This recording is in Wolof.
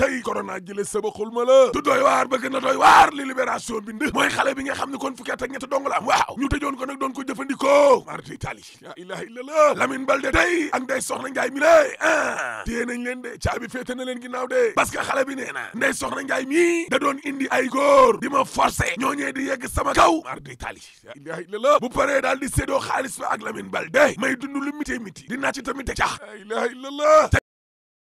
cay corona jële saba xul du doy waar ba li libération bind mooy xale bi nga xam ne kon fukki at ak ñett dong la am waaw ñu tëjoon ko nag doon ko jëfandikoo mardi itali la ilaha illallah Balde tey ak Ndeye Soxna mi lay ah téye nañ leen caabi féete na leen ginnaaw de parce que xale bi nee mi da doon indi ay góor di ma forcé ñooñee di yegg sama mardi itali la ilaha bu paree daal di séddoo xaalis ba ak Lamine Balde